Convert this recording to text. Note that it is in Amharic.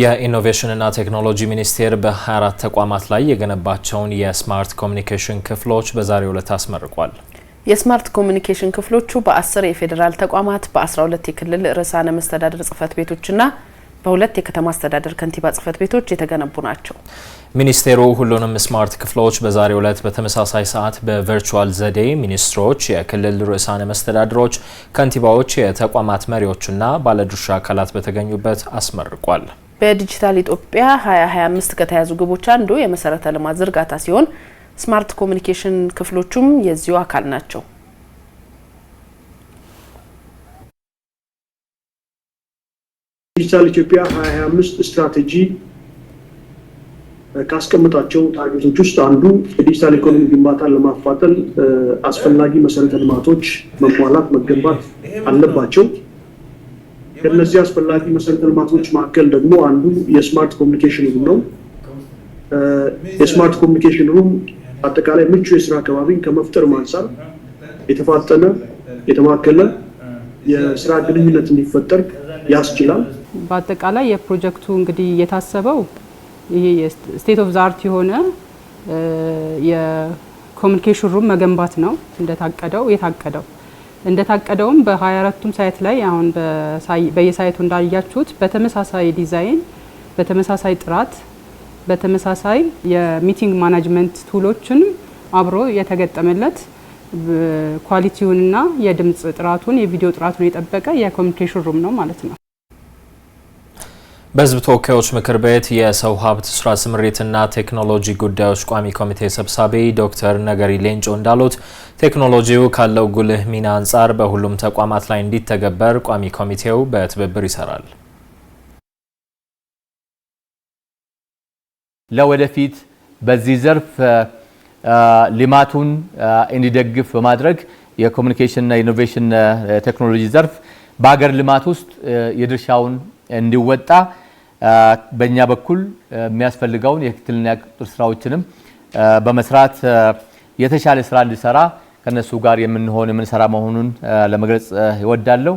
የኢኖቬሽንና ቴክኖሎጂ ሚኒስቴር በ24 ተቋማት ላይ የገነባቸውን የስማርት ኮሚኒኬሽን ክፍሎች በዛሬው ዕለት አስመርቋል። የስማርት ኮሚኒኬሽን ክፍሎቹ በ10 የፌዴራል ተቋማት፣ በ12 የክልል ርዕሳነ መስተዳደር ጽህፈት ቤቶችና በሁለት የከተማ አስተዳደር ከንቲባ ጽህፈት ቤቶች የተገነቡ ናቸው። ሚኒስቴሩ ሁሉንም ስማርት ክፍሎች በዛሬው ዕለት በተመሳሳይ ሰዓት በቨርቹዋል ዘዴ ሚኒስትሮች፣ የክልል ርዕሳነ መስተዳድሮች፣ ከንቲባዎች፣ የተቋማት መሪዎችና ባለድርሻ አካላት በተገኙበት አስመርቋል። በዲጂታል ኢትዮጵያ 2025 ከተያዙ ግቦች አንዱ የመሰረተ ልማት ዝርጋታ ሲሆን ስማርት ኮሚኒኬሽን ክፍሎቹም የዚሁ አካል ናቸው። ዲጂታል ኢትዮጵያ 2025 ስትራቴጂ ካስቀመጣቸው ታርጌቶች ውስጥ አንዱ የዲጂታል ኢኮኖሚ ግንባታን ለማፋጠን አስፈላጊ መሰረተ ልማቶች መሟላት መገንባት አለባቸው። ከነዚህ አስፈላጊ መሰረተ ልማቶች መካከል ደግሞ አንዱ የስማርት ኮሚኒኬሽን ሩም ነው። የስማርት ኮሚኒኬሽን ሩም አጠቃላይ ምቹ የስራ አካባቢን ከመፍጠር ማንሳር የተፋጠነ የተማከለ የስራ ግንኙነት እንዲፈጠር ያስችላል። በአጠቃላይ የፕሮጀክቱ እንግዲህ የታሰበው ይሄ ስቴት ኦፍ ዛርት የሆነ የኮሚኒኬሽን ሩም መገንባት ነው እንደታቀደው የታቀደው እንደታቀደውም በ24ቱም ሳይት ላይ አሁን በየሳይቱ እንዳያችሁት በተመሳሳይ ዲዛይን፣ በተመሳሳይ ጥራት፣ በተመሳሳይ የሚቲንግ ማናጅመንት ቱሎችንም አብሮ የተገጠመለት ኳሊቲውንና የድምፅ ጥራቱን የቪዲዮ ጥራቱን የጠበቀ የኮሚኒኬሽን ሩም ነው ማለት ነው። በህዝብ ተወካዮች ምክር ቤት የሰው ሀብት ስራ ስምሪትና ቴክኖሎጂ ጉዳዮች ቋሚ ኮሚቴ ሰብሳቢ ዶክተር ነገሪ ሌንጮ እንዳሉት ቴክኖሎጂው ካለው ጉልህ ሚና አንጻር በሁሉም ተቋማት ላይ እንዲተገበር ቋሚ ኮሚቴው በትብብር ይሰራል። ለወደፊት በዚህ ዘርፍ ልማቱን እንዲደግፍ በማድረግ የኮሚኒኬሽንና ኢኖቬሽን ቴክኖሎጂ ዘርፍ በሀገር ልማት ውስጥ የድርሻውን እንዲወጣ በእኛ በኩል የሚያስፈልገውን የክትትልና ቁጥጥር ስራዎችንም በመስራት የተሻለ ስራ እንዲሰራ ከነሱ ጋር የምንሆን የምንሰራ መሆኑን ለመግለጽ ይወዳለሁ።